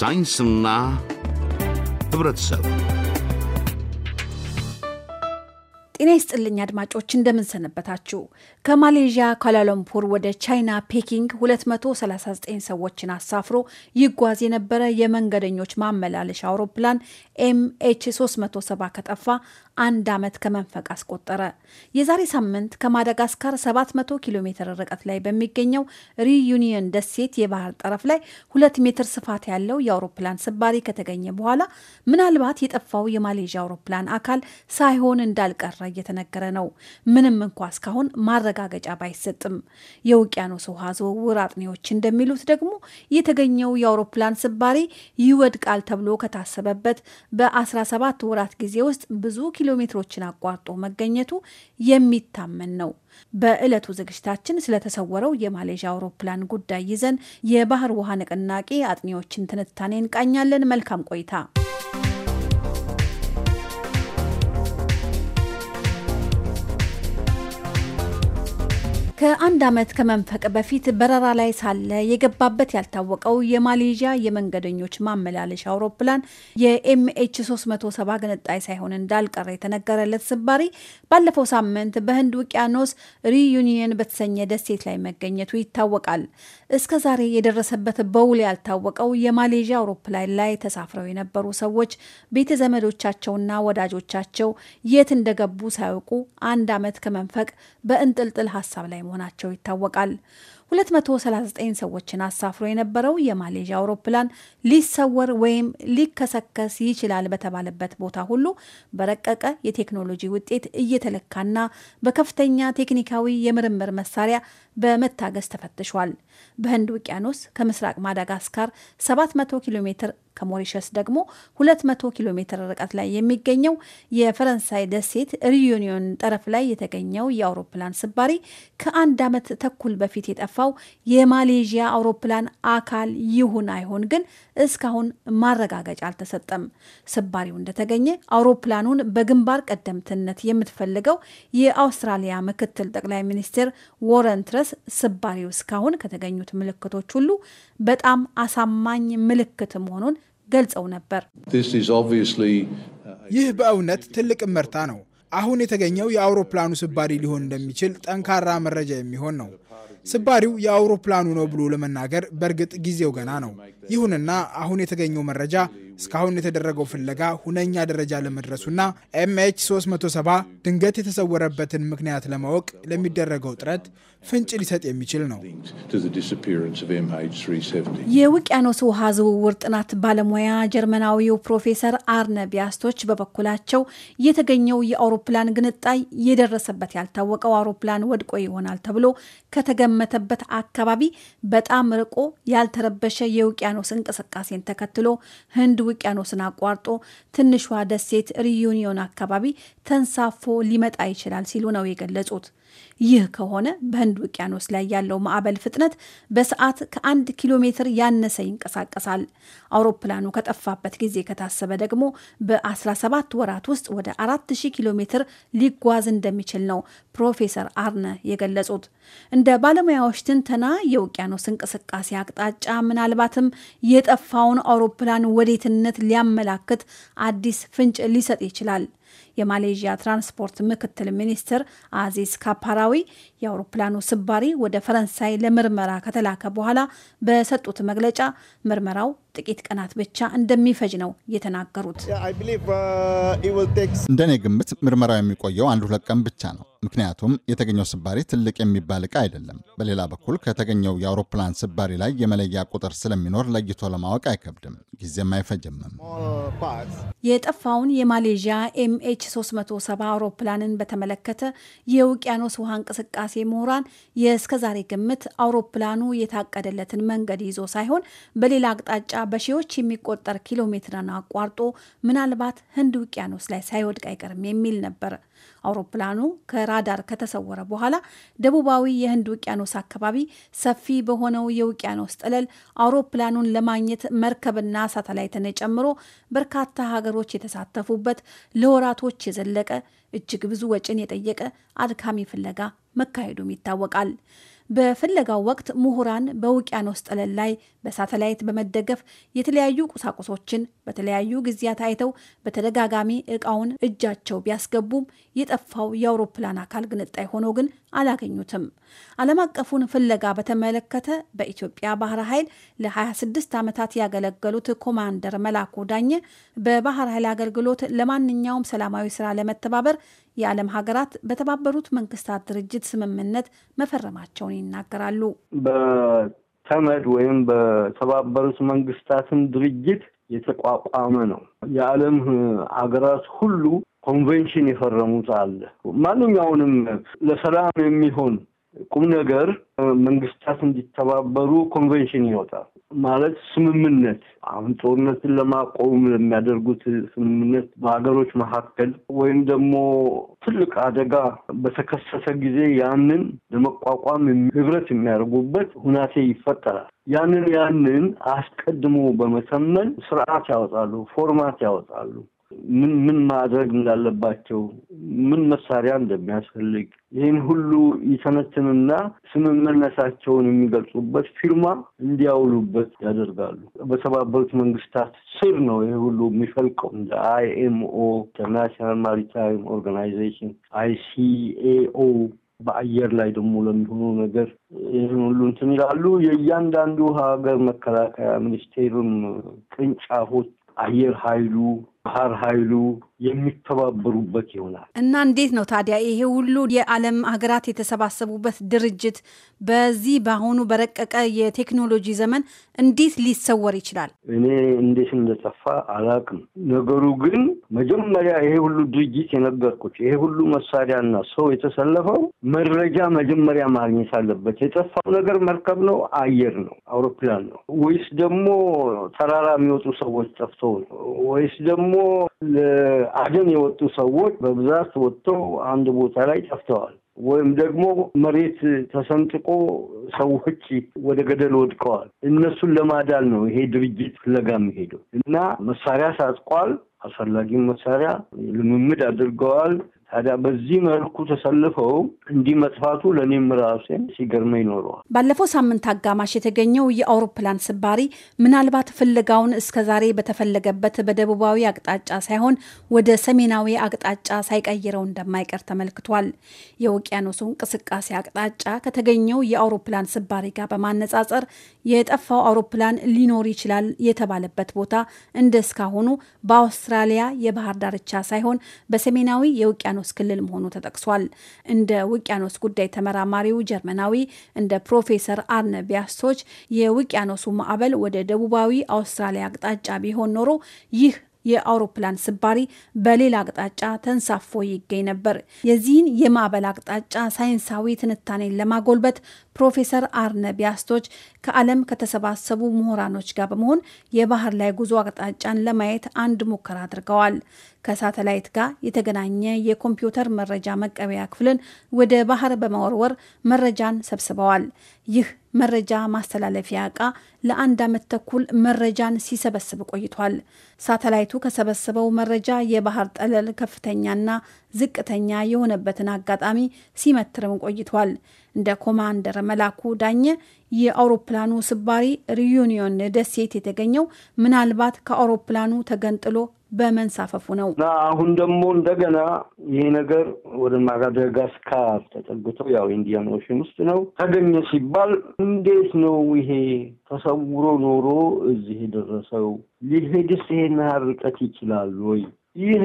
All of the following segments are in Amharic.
ሳይንስና ህብረተሰብ ጤና ይስጥልኝ አድማጮች፣ እንደምንሰነበታችሁ። ከማሌዥያ ኳላላምፑር ወደ ቻይና ፔኪንግ 239 ሰዎችን አሳፍሮ ይጓዝ የነበረ የመንገደኞች ማመላለሻ አውሮፕላን ኤምኤች 370 ከጠፋ አንድ ዓመት ከመንፈቅ አስቆጠረ። የዛሬ ሳምንት ከማዳጋስካር 700 ኪሎ ሜትር ርቀት ላይ በሚገኘው ሪዩኒየን ደሴት የባህር ጠረፍ ላይ ሁለት ሜትር ስፋት ያለው የአውሮፕላን ስባሪ ከተገኘ በኋላ ምናልባት የጠፋው የማሌዥያ አውሮፕላን አካል ሳይሆን እንዳልቀረ እየተነገረ ነው። ምንም እንኳ እስካሁን ማረጋገጫ ባይሰጥም የውቅያኖስ ውሃ ዝውውር አጥኔዎች እንደሚሉት ደግሞ የተገኘው የአውሮፕላን ስባሪ ይወድቃል ተብሎ ከታሰበበት በ17 ወራት ጊዜ ውስጥ ብዙ ኪሎ ሜትሮችን አቋርጦ መገኘቱ የሚታመን ነው። በዕለቱ ዝግጅታችን ስለተሰወረው የማሌዥያ አውሮፕላን ጉዳይ ይዘን የባህር ውሃ ንቅናቄ አጥኔዎችን ትንታኔ እንቃኛለን። መልካም ቆይታ። ከአንድ ዓመት ከመንፈቅ በፊት በረራ ላይ ሳለ የገባበት ያልታወቀው የማሌዥያ የመንገደኞች ማመላለሻ አውሮፕላን የኤምኤች 370 ገነጣይ ሳይሆን እንዳልቀረ የተነገረለት ስባሪ ባለፈው ሳምንት በህንድ ውቅያኖስ ሪዩኒየን በተሰኘ ደሴት ላይ መገኘቱ ይታወቃል። እስከ ዛሬ የደረሰበት በውል ያልታወቀው የማሌዥያ አውሮፕላን ላይ ተሳፍረው የነበሩ ሰዎች ቤተ ዘመዶቻቸውና ወዳጆቻቸው የት እንደገቡ ሳያውቁ አንድ ዓመት ከመንፈቅ በእንጥልጥል ሀሳብ ላይ መሆናቸው ይታወቃል። 239 ሰዎችን አሳፍሮ የነበረው የማሌዥያ አውሮፕላን ሊሰወር ወይም ሊከሰከስ ይችላል በተባለበት ቦታ ሁሉ በረቀቀ የቴክኖሎጂ ውጤት እየተለካና በከፍተኛ ቴክኒካዊ የምርምር መሳሪያ በመታገስ ተፈትሿል። በህንድ ውቅያኖስ ከምስራቅ ማዳጋስካር 700 ኪሎ ሜትር ከሞሪሸስ ደግሞ 200 ኪሎ ሜትር ርቀት ላይ የሚገኘው የፈረንሳይ ደሴት ሪዩኒዮን ጠረፍ ላይ የተገኘው የአውሮፕላን ስባሪ ከአንድ ዓመት ተኩል በፊት የጠፋው የማሌዥያ አውሮፕላን አካል ይሁን አይሁን ግን እስካሁን ማረጋገጫ አልተሰጠም። ስባሪው እንደተገኘ አውሮፕላኑን በግንባር ቀደምትነት የምትፈልገው የአውስትራሊያ ምክትል ጠቅላይ ሚኒስትር ወረንትረስ ትረስ ስባሪው እስካሁን ከተገኙ ያሉት ምልክቶች ሁሉ በጣም አሳማኝ ምልክት መሆኑን ገልጸው ነበር። uh, ይህ በእውነት ትልቅ እመርታ ነው። አሁን የተገኘው የአውሮፕላኑ ስባሪ ሊሆን እንደሚችል ጠንካራ መረጃ የሚሆን ነው። ስባሪው የአውሮፕላኑ ነው ብሎ ለመናገር በእርግጥ ጊዜው ገና ነው። ይሁንና አሁን የተገኘው መረጃ እስካሁን የተደረገው ፍለጋ ሁነኛ ደረጃ ለመድረሱና ኤምኤች 370 ድንገት የተሰወረበትን ምክንያት ለማወቅ ለሚደረገው ጥረት ፍንጭ ሊሰጥ የሚችል ነው። የውቅያኖስ ውሃ ዝውውር ጥናት ባለሙያ ጀርመናዊው ፕሮፌሰር አርነ ቢያስቶች በበኩላቸው የተገኘው የአውሮፕላን ግንጣይ የደረሰበት ያልታወቀው አውሮፕላን ወድቆ ይሆናል ተብሎ ከተገ ከተዘመተበት አካባቢ በጣም ርቆ ያልተረበሸ የውቅያኖስ እንቅስቃሴን ተከትሎ ህንድ ውቅያኖስን አቋርጦ ትንሿ ደሴት ሪዩኒዮን አካባቢ ተንሳፎ ሊመጣ ይችላል ሲሉ ነው የገለጹት። ይህ ከሆነ በህንድ ውቅያኖስ ላይ ያለው ማዕበል ፍጥነት በሰዓት ከአንድ ኪሎ ሜትር ያነሰ ይንቀሳቀሳል። አውሮፕላኑ ከጠፋበት ጊዜ ከታሰበ ደግሞ በ17 ወራት ውስጥ ወደ 4000 ኪሎ ሜትር ሊጓዝ እንደሚችል ነው ፕሮፌሰር አርነ የገለጹት። እንደ ባለ የባለሙያዎች ትንተና የውቅያኖስ እንቅስቃሴ አቅጣጫ ምናልባትም የጠፋውን አውሮፕላን ወዴትነት ሊያመላክት አዲስ ፍንጭ ሊሰጥ ይችላል። የማሌዥያ ትራንስፖርት ምክትል ሚኒስትር አዚዝ ካፓራዊ የአውሮፕላኑ ስባሪ ወደ ፈረንሳይ ለምርመራ ከተላከ በኋላ በሰጡት መግለጫ ምርመራው ጥቂት ቀናት ብቻ እንደሚፈጅ ነው የተናገሩት። uh, እንደኔ ግምት ምርመራው የሚቆየው አንድ ሁለት ቀን ብቻ ነው። ምክንያቱም የተገኘው ስባሪ ትልቅ የሚባል ዕቃ አይደለም። በሌላ በኩል ከተገኘው የአውሮፕላን ስባሪ ላይ የመለያ ቁጥር ስለሚኖር ለይቶ ለማወቅ አይከብድም፣ ጊዜም አይፈጅምም። የጠፋውን የማሌዥያ ኤም ኤምኤች 370 አውሮፕላንን በተመለከተ የውቅያኖስ ውሃ እንቅስቃሴ ምሁራን የእስከዛሬ ግምት አውሮፕላኑ የታቀደለትን መንገድ ይዞ ሳይሆን በሌላ አቅጣጫ በሺዎች የሚቆጠር ኪሎ ሜትርን አቋርጦ ምናልባት ህንድ ውቅያኖስ ላይ ሳይወድቅ አይቀርም የሚል ነበር። አውሮፕላኑ ከራዳር ከተሰወረ በኋላ ደቡባዊ የህንድ ውቅያኖስ አካባቢ ሰፊ በሆነው የውቅያኖስ ጥለል አውሮፕላኑን ለማግኘት መርከብና ሳተላይትን ጨምሮ በርካታ ሀገሮች የተሳተፉበት ለወራ ወራቶች የዘለቀ እጅግ ብዙ ወጪን የጠየቀ አድካሚ ፍለጋ መካሄዱም ይታወቃል። በፍለጋው ወቅት ምሁራን በውቅያኖስ ጠለል ላይ በሳተላይት በመደገፍ የተለያዩ ቁሳቁሶችን በተለያዩ ጊዜያት አይተው በተደጋጋሚ እቃውን እጃቸው ቢያስገቡም የጠፋው የአውሮፕላን አካል ግንጣይ ሆኖ ግን አላገኙትም። ዓለም አቀፉን ፍለጋ በተመለከተ በኢትዮጵያ ባህር ኃይል ለ26 ዓመታት ያገለገሉት ኮማንደር መላኩ ዳኘ በባህር ኃይል አገልግሎት ለማንኛውም ሰላማዊ ስራ ለመተባበር የዓለም ሀገራት በተባበሩት መንግስታት ድርጅት ስምምነት መፈረማቸውን ይናገራሉ። በተመድ ወይም በተባበሩት መንግስታትም ድርጅት የተቋቋመ ነው። የዓለም ሀገራት ሁሉ ኮንቬንሽን የፈረሙት አለ። ማንኛውንም ለሰላም የሚሆን ቁም ነገር መንግስታት እንዲተባበሩ ኮንቬንሽን ይወጣል። ማለት ስምምነት አሁን ጦርነትን ለማቆም የሚያደርጉት ስምምነት በሀገሮች መካከል ወይም ደግሞ ትልቅ አደጋ በተከሰተ ጊዜ ያንን ለመቋቋም ህብረት የሚያደርጉበት ሁናቴ ይፈጠራል። ያንን ያንን አስቀድሞ በመተመን ስርዓት ያወጣሉ፣ ፎርማት ያወጣሉ። ምን ምን ማድረግ እንዳለባቸው፣ ምን መሳሪያ እንደሚያስፈልግ ይህን ሁሉ ይተነትንና ስምምነታቸውን የሚገልጹበት ፊርማ እንዲያውሉበት ያደርጋሉ። በተባበሩት መንግስታት ስር ነው ይህ ሁሉ የሚፈልቀው። እንደ አይኤምኦ ኢንተርናሽናል ማሪታይም ኦርጋናይዜሽን፣ አይሲኤኦ በአየር ላይ ደግሞ ለሚሆኑ ነገር ይህን ሁሉ እንትን ይላሉ። የእያንዳንዱ ሀገር መከላከያ ሚኒስቴርም ቅርንጫፎች አየር ኃይሉ ባህር ኃይሉ የሚተባበሩበት ይሆናል እና እንዴት ነው ታዲያ ይሄ ሁሉ የዓለም ሀገራት የተሰባሰቡበት ድርጅት በዚህ በአሁኑ በረቀቀ የቴክኖሎጂ ዘመን እንዴት ሊሰወር ይችላል? እኔ እንዴት እንደጠፋ አላቅም። ነገሩ ግን መጀመሪያ ይሄ ሁሉ ድርጅት የነገርኩት ይሄ ሁሉ መሳሪያና ሰው የተሰለፈው መረጃ መጀመሪያ ማግኘት አለበት። የጠፋው ነገር መርከብ ነው፣ አየር ነው፣ አውሮፕላን ነው ወይስ ደግሞ ተራራ የሚወጡ ሰዎች ጠፍተው ነው ወይስ ደግሞ ደግሞ ለአደን የወጡ ሰዎች በብዛት ወጥተው አንድ ቦታ ላይ ጠፍተዋል ወይም ደግሞ መሬት ተሰንጥቆ ሰዎች ወደ ገደል ወድቀዋል። እነሱን ለማዳል ነው ይሄ ድርጅት ፍለጋ የሚሄደው እና መሳሪያ ሳጥቋል አስፈላጊም መሳሪያ ልምምድ አድርገዋል። ታዲያ በዚህ መልኩ ተሰልፈው እንዲህ መጥፋቱ ለእኔም ራሴ ሲገርመ ይኖረዋል። ባለፈው ሳምንት አጋማሽ የተገኘው የአውሮፕላን ስባሪ ምናልባት ፍለጋውን እስከዛሬ በተፈለገበት በደቡባዊ አቅጣጫ ሳይሆን ወደ ሰሜናዊ አቅጣጫ ሳይቀይረው እንደማይቀር ተመልክቷል። የውቅያኖሱ እንቅስቃሴ አቅጣጫ ከተገኘው የአውሮፕላን ስባሪ ጋር በማነጻጸር የጠፋው አውሮፕላን ሊኖር ይችላል የተባለበት ቦታ እንደ እስካሁኑ በአውስትራሊያ የባህር ዳርቻ ሳይሆን በሰሜናዊ የውቅያ ውቅያኖስ ክልል መሆኑ ተጠቅሷል። እንደ ውቅያኖስ ጉዳይ ተመራማሪው ጀርመናዊ እንደ ፕሮፌሰር አርነ ቢያስቶች የውቅያኖሱ ማዕበል ወደ ደቡባዊ አውስትራሊያ አቅጣጫ ቢሆን ኖሮ ይህ የአውሮፕላን ስባሪ በሌላ አቅጣጫ ተንሳፎ ይገኝ ነበር። የዚህን የማዕበል አቅጣጫ ሳይንሳዊ ትንታኔን ለማጎልበት ፕሮፌሰር አርነ ቢያስቶች ከዓለም ከተሰባሰቡ ምሁራኖች ጋር በመሆን የባህር ላይ ጉዞ አቅጣጫን ለማየት አንድ ሙከራ አድርገዋል። ከሳተላይት ጋር የተገናኘ የኮምፒውተር መረጃ መቀበያ ክፍልን ወደ ባህር በመወርወር መረጃን ሰብስበዋል። ይህ መረጃ ማስተላለፊያ ዕቃ ለአንድ ዓመት ተኩል መረጃን ሲሰበስብ ቆይቷል። ሳተላይቱ ከሰበሰበው መረጃ የባህር ጠለል ከፍተኛና ዝቅተኛ የሆነበትን አጋጣሚ ሲመትርም ቆይቷል። እንደ ኮማንደር መላኩ ዳኘ የአውሮፕላኑ ስባሪ ሪዩኒዮን ደሴት የተገኘው ምናልባት ከአውሮፕላኑ ተገንጥሎ በመንሳፈፉ ነው አሁን ደግሞ እንደገና ይሄ ነገር ወደ ማዳጋስካር ተጠግቶ ያው ኢንዲያን ኦሽን ውስጥ ነው ተገኘ ሲባል እንዴት ነው ይሄ ተሰውሮ ኖሮ እዚህ የደረሰው? ሊሄድስ ይሄን ያህል ርቀት ይችላል ወይ? ይሄ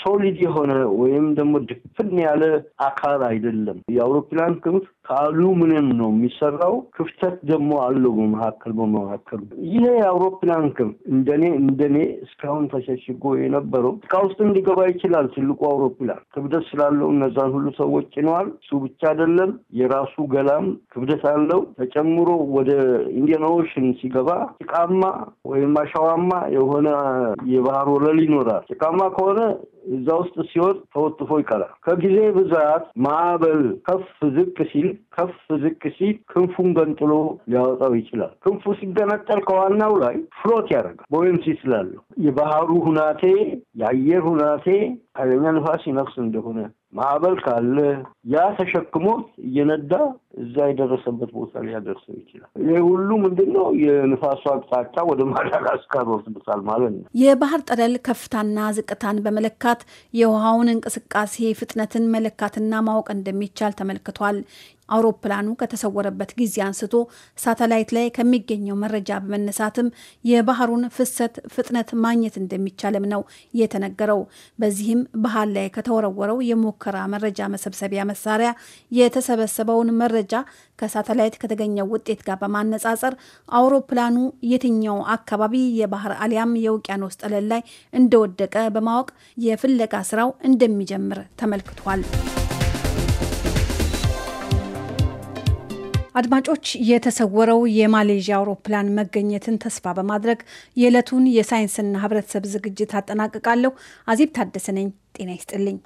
ሶሊድ የሆነ ወይም ደግሞ ድፍን ያለ አካል አይደለም። የአውሮፕላን ክንፍ ከአሉሚኒየም ነው የሚሰራው። ክፍተት ደግሞ አለው በመካከል በመካከሉ። ይሄ የአውሮፕላን ክም እንደኔ እንደኔ እስካሁን ተሸሽጎ የነበረው እቃ ውስጥ እንዲገባ ይችላል። ትልቁ አውሮፕላን ክብደት ስላለው እነዛን ሁሉ ሰዎች ጭነዋል። እሱ ብቻ አይደለም፣ የራሱ ገላም ክብደት አለው። ተጨምሮ ወደ ኢንዲያን ኦሽን ሲገባ ጭቃማ ወይም አሸዋማ የሆነ የባህር ወለል ይኖራል። ጭቃማ ከሆነ እዛ ውስጥ ሲወጥ ተወጥፎ ይቀራል። ከጊዜ ብዛት ማዕበል ከፍ ዝቅ ሲል ከፍ ዝቅ ሲል ክንፉን ገንጥሎ ሊያወጣው ይችላል። ክንፉ ሲገነጠል ከዋናው ላይ ፍሎት ያደርጋል። ቦይንሲ ስላለው የባህሩ ሁናቴ፣ የአየር ሁናቴ ኃይለኛ ንፋስ ይነፍስ እንደሆነ ማዕበል ካለ ያ ተሸክሞ እየነዳ እዛ የደረሰበት ቦታ ሊያደርሰው ይችላል። ይህ ሁሉ ምንድን ነው? የንፋሱ አቅጣጫ ወደ ማዳጋስካር ወስዶታል ማለት ነው። የባህር ጠለል ከፍታና ዝቅታን በመለካት የውሃውን እንቅስቃሴ ፍጥነትን መለካትና ማወቅ እንደሚቻል ተመልክቷል። አውሮፕላኑ ከተሰወረበት ጊዜ አንስቶ ሳተላይት ላይ ከሚገኘው መረጃ በመነሳትም የባህሩን ፍሰት ፍጥነት ማግኘት እንደሚቻልም ነው የተነገረው። በዚህም ባህር ላይ ከተወረወረው የሙከራ መረጃ መሰብሰቢያ መሳሪያ የተሰበሰበውን መረጃ ከሳተላይት ከተገኘው ውጤት ጋር በማነጻጸር አውሮፕላኑ የትኛው አካባቢ የባህር አሊያም የውቅያኖስ ጠለል ላይ እንደወደቀ በማወቅ የፍለጋ ስራው እንደሚጀምር ተመልክቷል። አድማጮች የተሰወረው የማሌዥያ አውሮፕላን መገኘትን ተስፋ በማድረግ የዕለቱን የሳይንስና ህብረተሰብ ዝግጅት አጠናቅቃለሁ። አዜብ ታደሰ ነኝ። ጤና ይስጥልኝ።